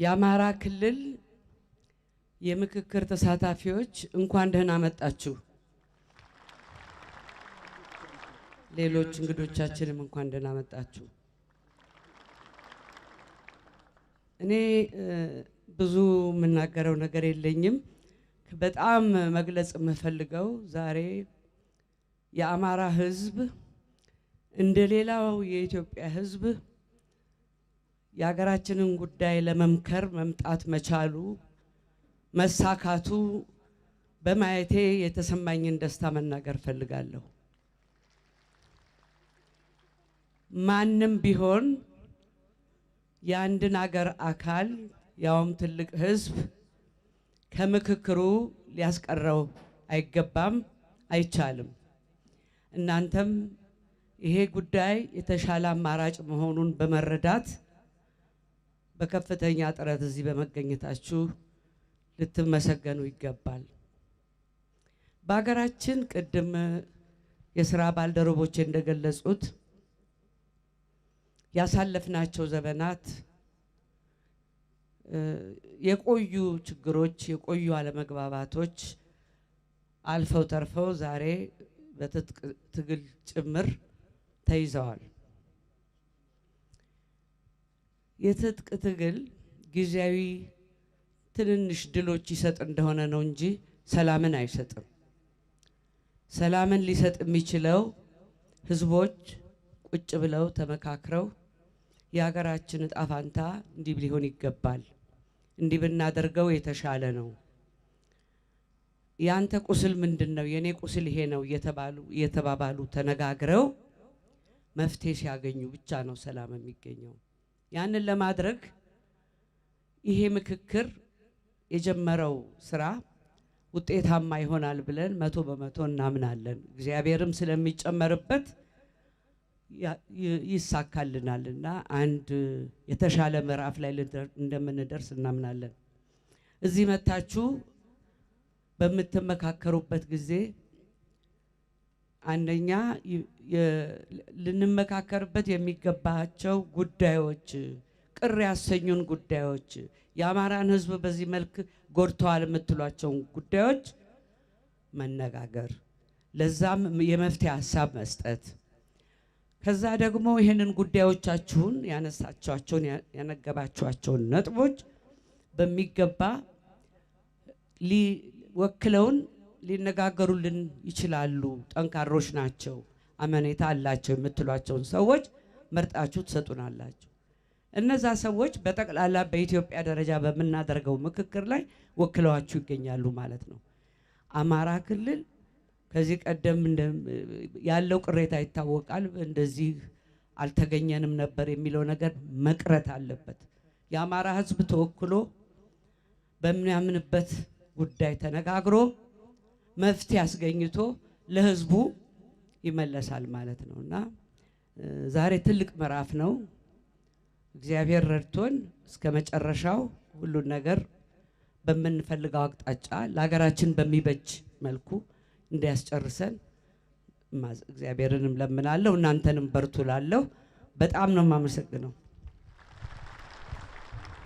የአማራ ክልል የምክክር ተሳታፊዎች እንኳን ደህና መጣችሁ። ሌሎች እንግዶቻችንም እንኳን ደህና መጣችሁ። እኔ ብዙ የምናገረው ነገር የለኝም። በጣም መግለጽ የምፈልገው ዛሬ የአማራ ሕዝብ እንደ ሌላው የኢትዮጵያ ሕዝብ የሀገራችንን ጉዳይ ለመምከር መምጣት መቻሉ መሳካቱ በማየቴ የተሰማኝን ደስታ መናገር ፈልጋለሁ። ማንም ቢሆን የአንድን አገር አካል ያውም ትልቅ ሕዝብ ከምክክሩ ሊያስቀረው አይገባም፣ አይቻልም። እናንተም ይሄ ጉዳይ የተሻለ አማራጭ መሆኑን በመረዳት በከፍተኛ ጥረት እዚህ በመገኘታችሁ ልትመሰገኑ ይገባል። በሀገራችን ቅድም የስራ ባልደረቦች እንደገለጹት ያሳለፍናቸው ዘመናት የቆዩ ችግሮች፣ የቆዩ አለመግባባቶች አልፈው ተርፈው ዛሬ በትጥቅ ትግል ጭምር ተይዘዋል። የትጥቅ ትግል ጊዜያዊ ትንንሽ ድሎች ይሰጥ እንደሆነ ነው እንጂ ሰላምን አይሰጥም። ሰላምን ሊሰጥ የሚችለው ህዝቦች ቁጭ ብለው ተመካክረው የሀገራችን እጣ ፋንታ እንዲህ ሊሆን ይገባል፣ እንዲህ ብናደርገው የተሻለ ነው፣ ያንተ ቁስል ምንድን ነው፣ የእኔ ቁስል ይሄ ነው እየተባባሉ ተነጋግረው መፍትሄ ሲያገኙ ብቻ ነው ሰላም የሚገኘው። ያንን ለማድረግ ይሄ ምክክር የጀመረው ስራ ውጤታማ ይሆናል ብለን መቶ በመቶ እናምናለን። እግዚአብሔርም ስለሚጨመርበት ይሳካልናል እና አንድ የተሻለ ምዕራፍ ላይ እንደምንደርስ እናምናለን። እዚህ መታችሁ በምትመካከሩበት ጊዜ አንደኛ ልንመካከርበት የሚገባቸው ጉዳዮች፣ ቅር ያሰኙን ጉዳዮች፣ የአማራን ሕዝብ በዚህ መልክ ጎድተዋል የምትሏቸውን ጉዳዮች መነጋገር፣ ለዛም የመፍትሄ ሀሳብ መስጠት፣ ከዛ ደግሞ ይህንን ጉዳዮቻችሁን ያነሳቸዋቸውን ያነገባቸዋቸውን ነጥቦች በሚገባ ሊወክለውን ሊነጋገሩልን ይችላሉ፣ ጠንካሮች ናቸው፣ አመኔታ አላቸው የምትሏቸውን ሰዎች መርጣችሁ ትሰጡናላችሁ። እነዛ ሰዎች በጠቅላላ በኢትዮጵያ ደረጃ በምናደርገው ምክክር ላይ ወክለዋችሁ ይገኛሉ ማለት ነው። አማራ ክልል ከዚህ ቀደም ያለው ቅሬታ ይታወቃል። እንደዚህ አልተገኘንም ነበር የሚለው ነገር መቅረት አለበት። የአማራ ሕዝብ ተወክሎ በምናምንበት ጉዳይ ተነጋግሮ መፍትሄ አስገኝቶ ለህዝቡ ይመለሳል ማለት ነው እና ዛሬ ትልቅ ምዕራፍ ነው። እግዚአብሔር ረድቶን እስከ መጨረሻው ሁሉን ነገር በምንፈልገው አቅጣጫ ለሀገራችን በሚበጅ መልኩ እንዲያስጨርሰን እግዚአብሔርንም ለምናለሁ። እናንተንም በርቱ ላለሁ። በጣም ነው የማመሰግነው።